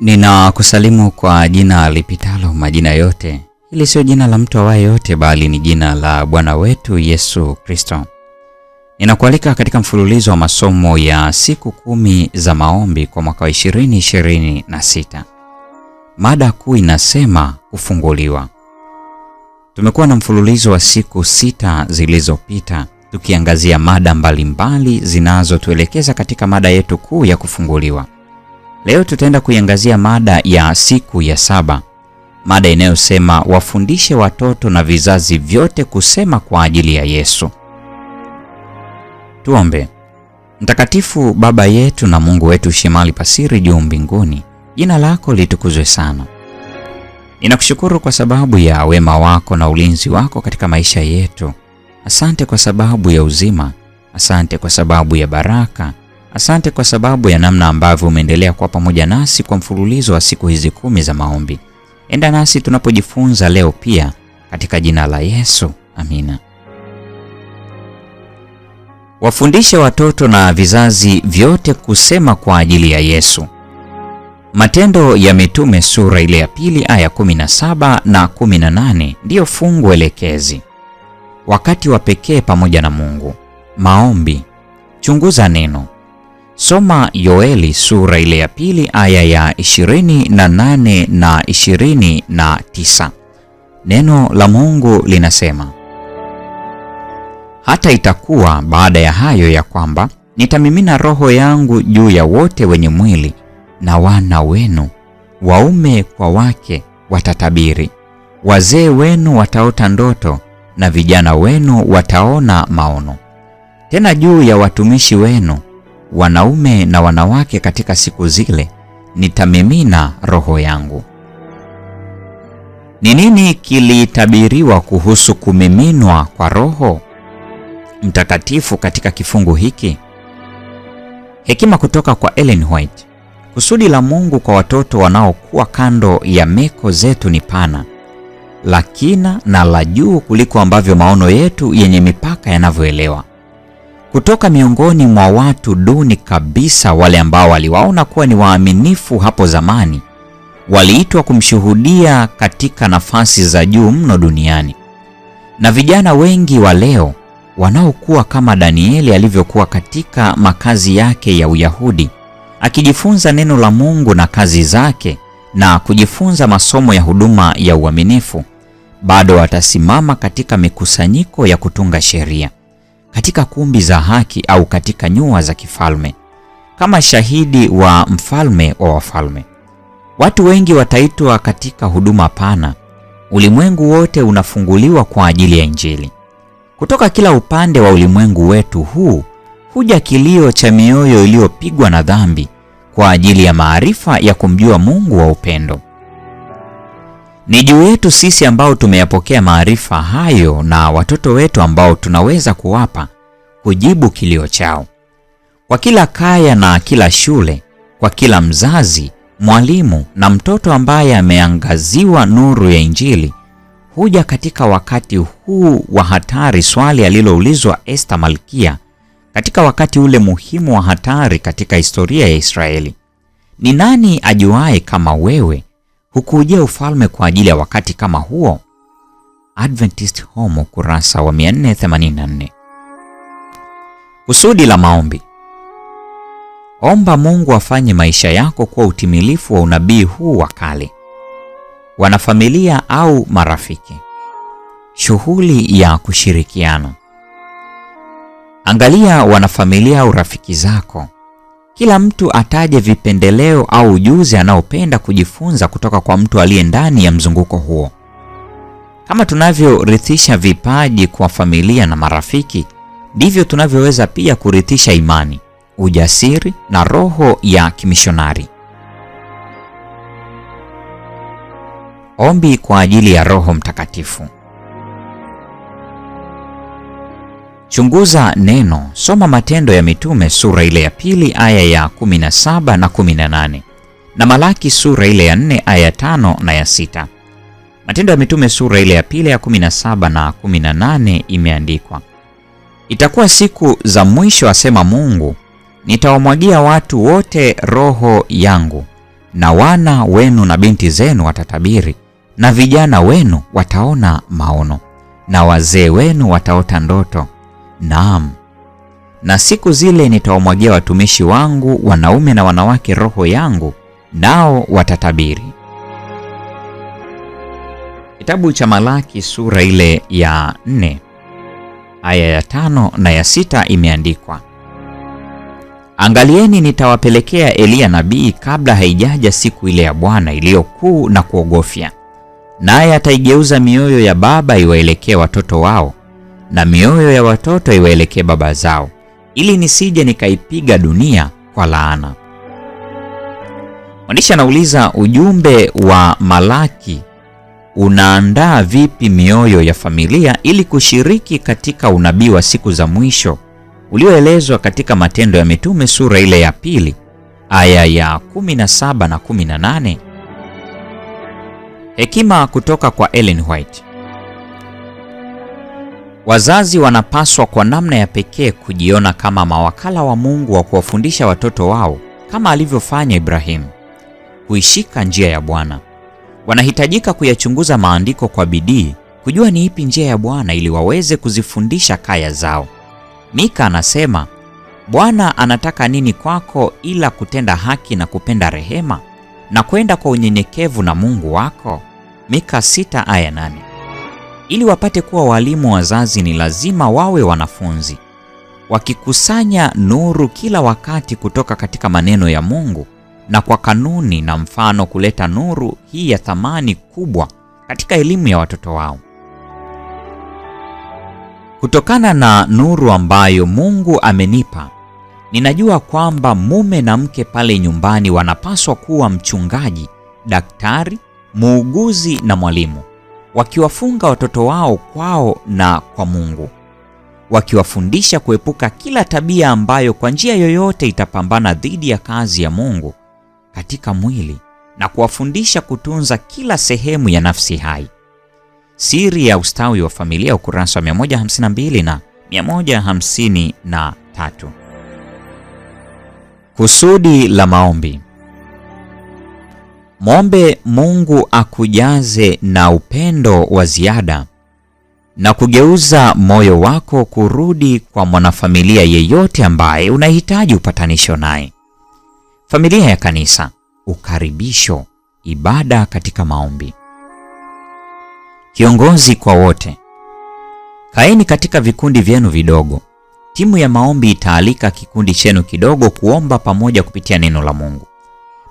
Ninakusalimu kwa jina lipitalo majina yote. Hili sio jina la mtu awaye yote, bali ni jina la Bwana wetu Yesu Kristo. Ninakualika katika mfululizo wa masomo ya siku kumi za maombi kwa mwaka wa sita. Mada kuu inasema kufunguliwa. Tumekuwa na mfululizo wa siku sita zilizopita tukiangazia mada mbalimbali zinazotuelekeza katika mada yetu kuu ya kufunguliwa. Leo tutaenda kuiangazia mada ya siku ya saba, mada inayosema wafundishe watoto na vizazi vyote kusema kwa ajili ya Yesu. Tuombe. Mtakatifu Baba yetu na Mungu wetu shimali pasiri juu mbinguni, jina lako litukuzwe sana. Ninakushukuru kwa sababu ya wema wako na ulinzi wako katika maisha yetu. Asante kwa sababu ya uzima, asante kwa sababu ya baraka, Asante kwa sababu ya namna ambavyo umeendelea kuwa pamoja nasi kwa mfululizo wa siku hizi kumi za maombi. Enda nasi tunapojifunza leo pia, katika jina la Yesu, amina. Wafundishe watoto na vizazi vyote kusema kwa ajili ya Yesu. Matendo ya Mitume sura ile ya pili aya 17 na 18 ndiyo fungu elekezi. Wakati wa pekee pamoja na Mungu, maombi, chunguza neno Soma Yoeli sura ile ya pili aya ya 28 na 29. Neno la Mungu linasema, hata itakuwa baada ya hayo ya kwamba nitamimina roho yangu juu ya wote wenye mwili, na wana wenu waume kwa wake watatabiri, wazee wenu wataota ndoto, na vijana wenu wataona maono. Tena juu ya watumishi wenu wanaume na wanawake katika siku zile, nitamimina roho yangu. Ni nini kilitabiriwa kuhusu kumiminwa kwa Roho Mtakatifu katika kifungu hiki? Hekima kutoka kwa Ellen White. Kusudi la Mungu kwa watoto wanaokuwa kando ya meko zetu ni pana, la kina na la juu kuliko ambavyo maono yetu yenye mipaka yanavyoelewa kutoka miongoni mwa watu duni kabisa wale ambao waliwaona kuwa ni waaminifu hapo zamani waliitwa kumshuhudia katika nafasi za juu mno duniani. Na vijana wengi wa leo wanaokuwa kama Danieli alivyokuwa katika makazi yake ya Uyahudi, akijifunza neno la Mungu na kazi zake na kujifunza masomo ya huduma ya uaminifu, bado watasimama katika mikusanyiko ya kutunga sheria katika kumbi za haki au katika nyua za kifalme kama shahidi wa mfalme wa wafalme. Watu wengi wataitwa katika huduma pana. Ulimwengu wote unafunguliwa kwa ajili ya Injili. Kutoka kila upande wa ulimwengu wetu huu huja kilio cha mioyo iliyopigwa na dhambi kwa ajili ya maarifa ya kumjua Mungu wa upendo. Ni juu yetu sisi ambao tumeyapokea maarifa hayo na watoto wetu ambao tunaweza kuwapa kujibu kilio chao. Kwa kila kaya na kila shule, kwa kila mzazi, mwalimu na mtoto ambaye ameangaziwa nuru ya Injili, huja katika wakati huu wa hatari swali aliloulizwa Esta Malkia katika wakati ule muhimu wa hatari katika historia ya Israeli. Ni nani ajuaye kama wewe hukuujia ufalme kwa ajili ya wakati kama huo. Adventist Home ukurasa wa 484. Kusudi la maombi. Omba Mungu afanye maisha yako kuwa utimilifu wa unabii huu wa kale. Wanafamilia au marafiki. Shughuli ya kushirikiana. Angalia wanafamilia au rafiki zako. Kila mtu ataje vipendeleo au ujuzi anaopenda kujifunza kutoka kwa mtu aliye ndani ya mzunguko huo. Kama tunavyorithisha vipaji kwa familia na marafiki, ndivyo tunavyoweza pia kurithisha imani, ujasiri na roho ya kimishonari. Ombi kwa ajili ya Roho Mtakatifu. Chunguza neno, soma Matendo ya Mitume sura ile ya pili aya ya 17 na 18 na Malaki sura ile ya 4 aya ya 5 na ya sita Matendo ya Mitume sura ile ya pili ya 17 na 18 imeandikwa, itakuwa siku za mwisho, asema Mungu, nitawamwagia watu wote roho yangu, na wana wenu na binti zenu watatabiri, na vijana wenu wataona maono, na wazee wenu wataota ndoto Naam, na siku zile nitawamwagia watumishi wangu wanaume na wanawake roho yangu, nao watatabiri. Kitabu cha Malaki sura ile ya nne aya ya tano na ya sita imeandikwa, angalieni, nitawapelekea Eliya nabii kabla haijaja siku ile ya Bwana iliyo kuu na kuogofya, naye ataigeuza mioyo ya baba iwaelekee watoto wao na mioyo ya watoto iwaelekee baba zao, ili nisije nikaipiga dunia kwa laana. Mwandishi anauliza ujumbe wa Malaki unaandaa vipi mioyo ya familia ili kushiriki katika unabii wa siku za mwisho ulioelezwa katika Matendo ya Mitume sura ile ya pili aya ya 17 na 18. Hekima kutoka kwa Ellen White. Wazazi wanapaswa kwa namna ya pekee kujiona kama mawakala wa Mungu wa kuwafundisha watoto wao kama alivyofanya Ibrahimu, kuishika njia ya Bwana. Wanahitajika kuyachunguza maandiko kwa bidii, kujua ni ipi njia ya Bwana ili waweze kuzifundisha kaya zao. Mika anasema, Bwana anataka nini kwako ila kutenda haki na kupenda rehema na kwenda kwa unyenyekevu na Mungu wako? Mika sita aya nane. Ili wapate kuwa walimu wazazi ni lazima wawe wanafunzi. Wakikusanya nuru kila wakati kutoka katika maneno ya Mungu na kwa kanuni na mfano kuleta nuru hii ya thamani kubwa katika elimu ya watoto wao. Kutokana na nuru ambayo Mungu amenipa, ninajua kwamba mume na mke pale nyumbani wanapaswa kuwa mchungaji, daktari, muuguzi na mwalimu wakiwafunga watoto wao kwao na kwa Mungu, wakiwafundisha kuepuka kila tabia ambayo kwa njia yoyote itapambana dhidi ya kazi ya Mungu katika mwili na kuwafundisha kutunza kila sehemu ya nafsi hai. Siri ya ustawi wa familia, ukurasa wa 152 na 153. Kusudi la maombi. Mwombe Mungu akujaze na upendo wa ziada na kugeuza moyo wako kurudi kwa mwanafamilia yeyote ambaye unahitaji upatanisho naye. Familia ya Kanisa, ukaribisho, ibada katika maombi. Kiongozi kwa wote. Kaeni katika vikundi vyenu vidogo. Timu ya maombi itaalika kikundi chenu kidogo kuomba pamoja kupitia neno la Mungu.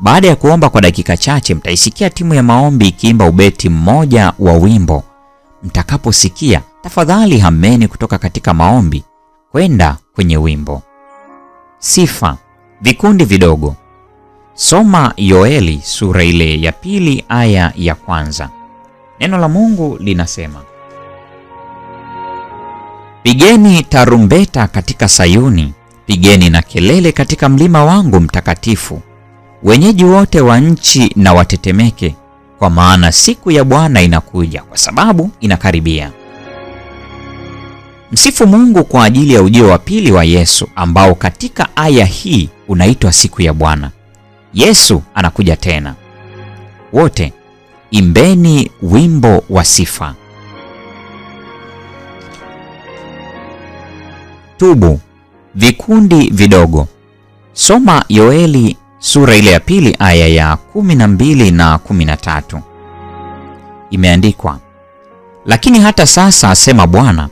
Baada ya kuomba kwa dakika chache, mtaisikia timu ya maombi ikiimba ubeti mmoja wa wimbo. Mtakaposikia, tafadhali hameni kutoka katika maombi kwenda kwenye wimbo. Sifa, vikundi vidogo. Soma Yoeli sura ile ya pili aya ya kwanza. Neno la Mungu linasema, Pigeni tarumbeta katika Sayuni, pigeni na kelele katika mlima wangu mtakatifu wenyeji wote wa nchi na watetemeke, kwa maana siku ya Bwana inakuja, kwa sababu inakaribia. Msifu Mungu kwa ajili ya ujio wa pili wa Yesu ambao katika aya hii unaitwa siku ya Bwana. Yesu anakuja tena. Wote imbeni wimbo wa sifa. Tubu vikundi vidogo. Soma Yoeli sura ile ya pili aya ya 12 na 13, imeandikwa lakini hata sasa asema Bwana,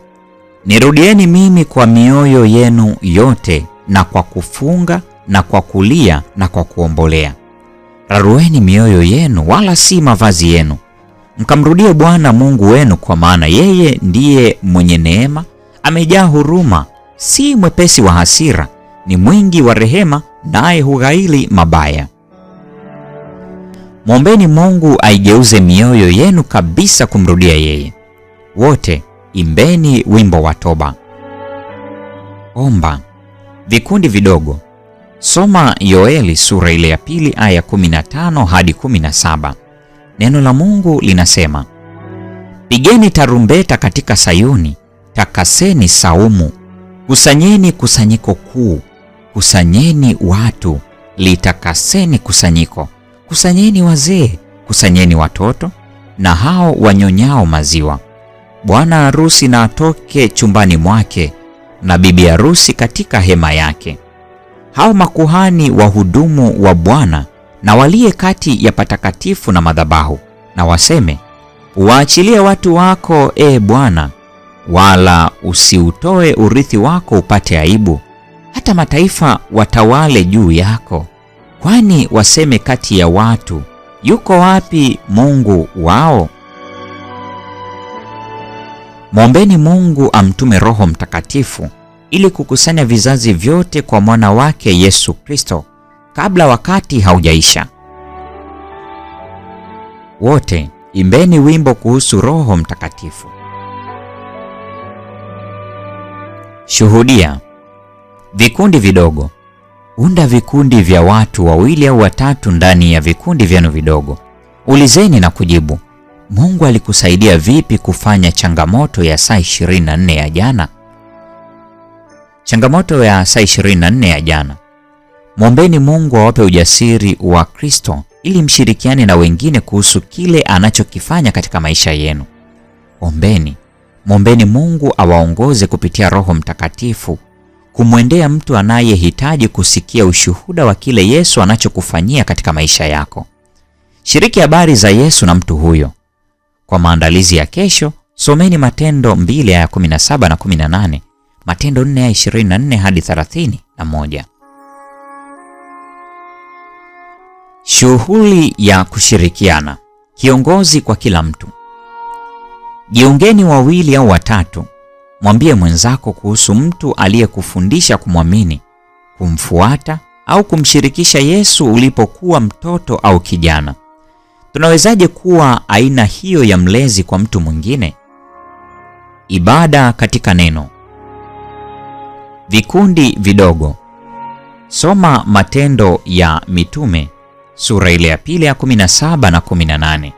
nirudieni mimi kwa mioyo yenu yote na kwa kufunga na kwa kulia na kwa kuombolea. Rarueni mioyo yenu, wala si mavazi yenu, mkamrudie Bwana Mungu wenu, kwa maana yeye ndiye mwenye neema, amejaa huruma, si mwepesi wa hasira, ni mwingi wa rehema, naye hughaili mabaya. Mwombeni Mungu aigeuze mioyo yenu kabisa kumrudia yeye. Wote imbeni wimbo wa toba. Omba vikundi vidogo. Soma Yoeli sura ile ya pili aya 15 hadi 17. Neno la Mungu linasema, pigeni tarumbeta katika Sayuni, takaseni saumu, kusanyeni kusanyiko kuu kusanyeni watu, litakaseni kusanyiko, kusanyeni wazee, kusanyeni watoto na hao wanyonyao maziwa. Bwana harusi na atoke chumbani mwake na bibi harusi katika hema yake. Hao makuhani wahudumu wa Bwana na waliye kati ya patakatifu na madhabahu, na waseme, waachilie watu wako, e Bwana, wala usiutoe urithi wako upate aibu, hata mataifa watawale juu yako. Kwani waseme kati ya watu, yuko wapi Mungu wao? Mwombeni Mungu amtume Roho Mtakatifu ili kukusanya vizazi vyote kwa mwana wake Yesu Kristo kabla wakati haujaisha. Wote imbeni wimbo kuhusu Roho Mtakatifu. Shuhudia Vikundi vidogo: unda vikundi vya watu wawili au watatu ndani ya vikundi vyenu vidogo. Ulizeni na kujibu. Mungu alikusaidia vipi kufanya changamoto ya saa 24 ya jana? Changamoto ya saa 24 ya jana. Mwombeni Mungu awape ujasiri wa Kristo ili mshirikiane na wengine kuhusu kile anachokifanya katika maisha yenu. Ombeni. Mwombeni Mungu awaongoze kupitia Roho Mtakatifu kumwendea mtu anayehitaji kusikia ushuhuda wa kile Yesu anachokufanyia katika maisha yako. Shiriki habari za Yesu na mtu huyo. Kwa maandalizi ya kesho, someni Matendo 2 ya 17 na 18, Matendo 4 ya 24 hadi 30 na moja. Shughuli ya kushirikiana: kiongozi kwa kila mtu. Jiungeni wawili au watatu Mwambie mwenzako kuhusu mtu aliyekufundisha kumwamini, kumfuata au kumshirikisha Yesu ulipokuwa mtoto au kijana. Tunawezaje kuwa aina hiyo ya mlezi kwa mtu mwingine? Ibada katika neno. Vikundi vidogo. Soma Matendo ya Mitume sura ile ya pili ya 17 na 18.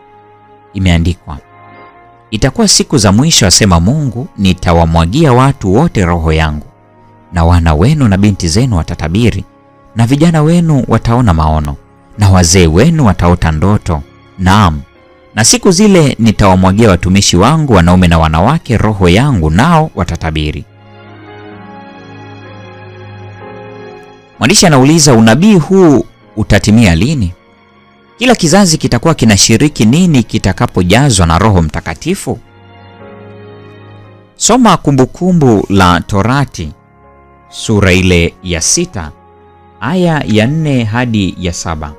Imeandikwa Itakuwa siku za mwisho, asema Mungu, nitawamwagia watu wote roho yangu, na wana wenu na binti zenu watatabiri, na vijana wenu wataona maono, na wazee wenu wataota ndoto. Naam, na siku zile nitawamwagia watumishi wangu wanaume na wanawake roho yangu, nao watatabiri. Mwandishi anauliza unabii huu utatimia lini? Kila kizazi kitakuwa kinashiriki nini kitakapojazwa na Roho Mtakatifu? Soma Kumbukumbu kumbu la Torati sura ile ya sita aya ya nne hadi ya saba.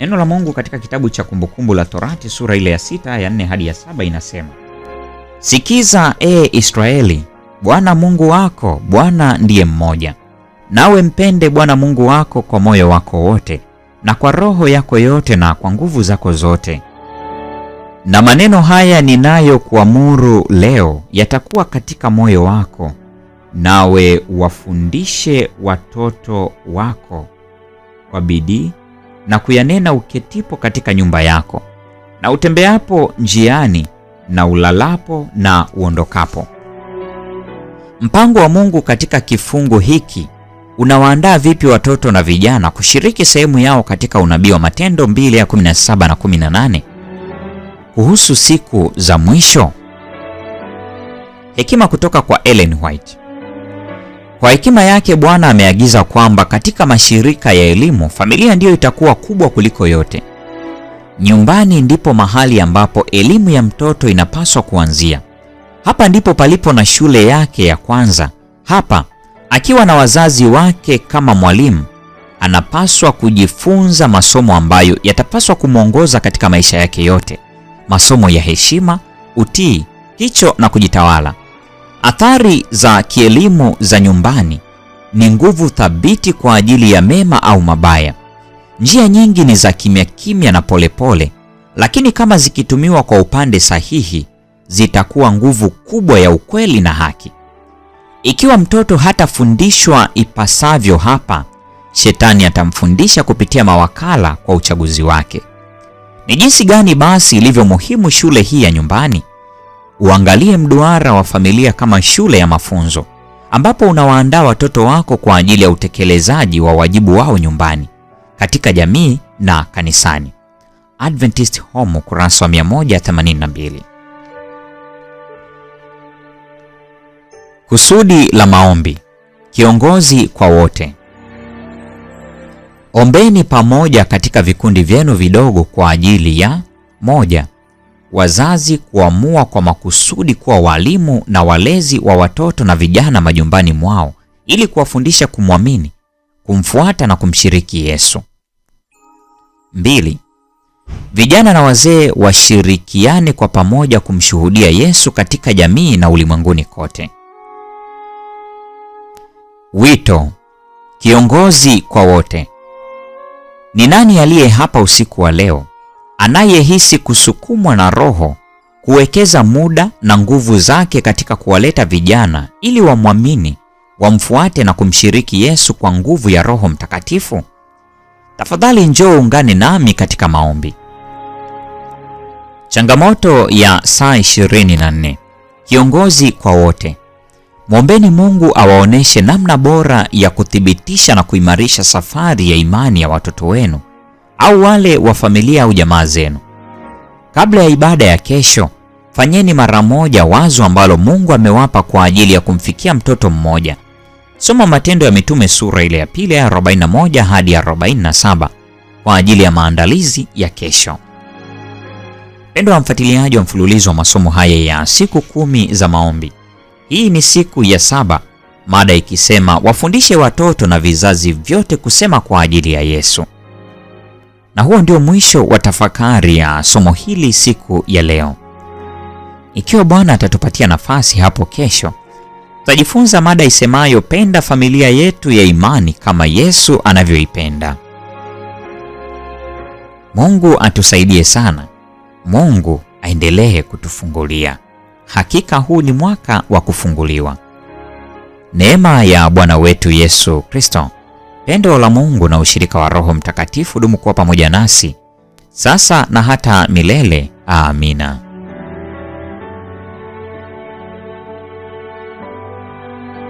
Neno la Mungu katika kitabu cha Kumbukumbu kumbu la Torati sura ile ya sita aya ya nne hadi ya saba inasema, sikiza e Israeli, Bwana Mungu wako Bwana ndiye mmoja nawe mpende Bwana Mungu wako kwa moyo wako wote na kwa roho yako yote na kwa nguvu zako zote. Na maneno haya ninayokuamuru leo yatakuwa katika moyo wako, nawe wafundishe watoto wako kwa bidii na kuyanena uketipo katika nyumba yako na utembeapo njiani na ulalapo na uondokapo. Mpango wa Mungu katika kifungu hiki Unawaandaa vipi watoto na vijana kushiriki sehemu yao katika unabii wa Matendo 2 ya 17 na 18 kuhusu siku za mwisho? Hekima kutoka kwa Ellen White. Kwa hekima yake Bwana ameagiza kwamba katika mashirika ya elimu, familia ndiyo itakuwa kubwa kuliko yote. Nyumbani ndipo mahali ambapo elimu ya mtoto inapaswa kuanzia. Hapa ndipo palipo na shule yake ya kwanza. Hapa Akiwa na wazazi wake kama mwalimu, anapaswa kujifunza masomo ambayo yatapaswa kumwongoza katika maisha yake yote, masomo ya heshima, utii, kicho na kujitawala. Athari za kielimu za nyumbani ni nguvu thabiti kwa ajili ya mema au mabaya. Njia nyingi ni za kimya kimya na polepole pole, lakini kama zikitumiwa kwa upande sahihi zitakuwa nguvu kubwa ya ukweli na haki. Ikiwa mtoto hatafundishwa ipasavyo hapa, shetani atamfundisha kupitia mawakala kwa uchaguzi wake. Ni jinsi gani basi ilivyo muhimu shule hii ya nyumbani? Uangalie mduara wa familia kama shule ya mafunzo ambapo unawaandaa watoto wako kwa ajili ya utekelezaji wa wajibu wao nyumbani, katika jamii na kanisani. Adventist Home, ukurasa wa 182. Kusudi la maombi: kiongozi kwa wote. Ombeni pamoja katika vikundi vyenu vidogo kwa ajili ya: moja, wazazi kuamua kwa makusudi kuwa walimu na walezi wa watoto na vijana majumbani mwao ili kuwafundisha kumwamini, kumfuata na kumshiriki Yesu. Mbili, vijana na wazee washirikiane kwa pamoja kumshuhudia Yesu katika jamii na ulimwenguni kote. Wito, kiongozi kwa wote. Ni nani aliye hapa usiku wa leo anayehisi kusukumwa na Roho kuwekeza muda na nguvu zake katika kuwaleta vijana ili wamwamini, wamfuate na kumshiriki Yesu kwa nguvu ya Roho Mtakatifu? Tafadhali njoo ungane nami katika maombi. Changamoto ya saa 24. Kiongozi kwa wote. Mwombeni Mungu awaoneshe namna bora ya kuthibitisha na kuimarisha safari ya imani ya watoto wenu au wale wa familia au jamaa zenu. Kabla ya ibada ya kesho, fanyeni mara moja wazo ambalo Mungu amewapa kwa ajili ya kumfikia mtoto mmoja. Soma Matendo ya Mitume sura ile ya pili ya 41 hadi ya 47 kwa ajili ya maandalizi ya kesho. Pendo wa mfuatiliaji wa mfululizo wa masomo haya ya siku kumi za maombi hii ni siku ya saba, mada ikisema wafundishe watoto na vizazi vyote kusema kwa ajili ya Yesu. Na huo ndio mwisho wa tafakari ya somo hili siku ya leo. Ikiwa Bwana atatupatia nafasi hapo kesho, tutajifunza mada isemayo penda familia yetu ya imani kama Yesu anavyoipenda. Mungu atusaidie sana. Mungu aendelee kutufungulia hakika huu ni mwaka wa kufunguliwa. Neema ya Bwana wetu Yesu Kristo, pendo la Mungu na ushirika wa Roho Mtakatifu dumu kuwa pamoja nasi sasa na hata milele. Amina.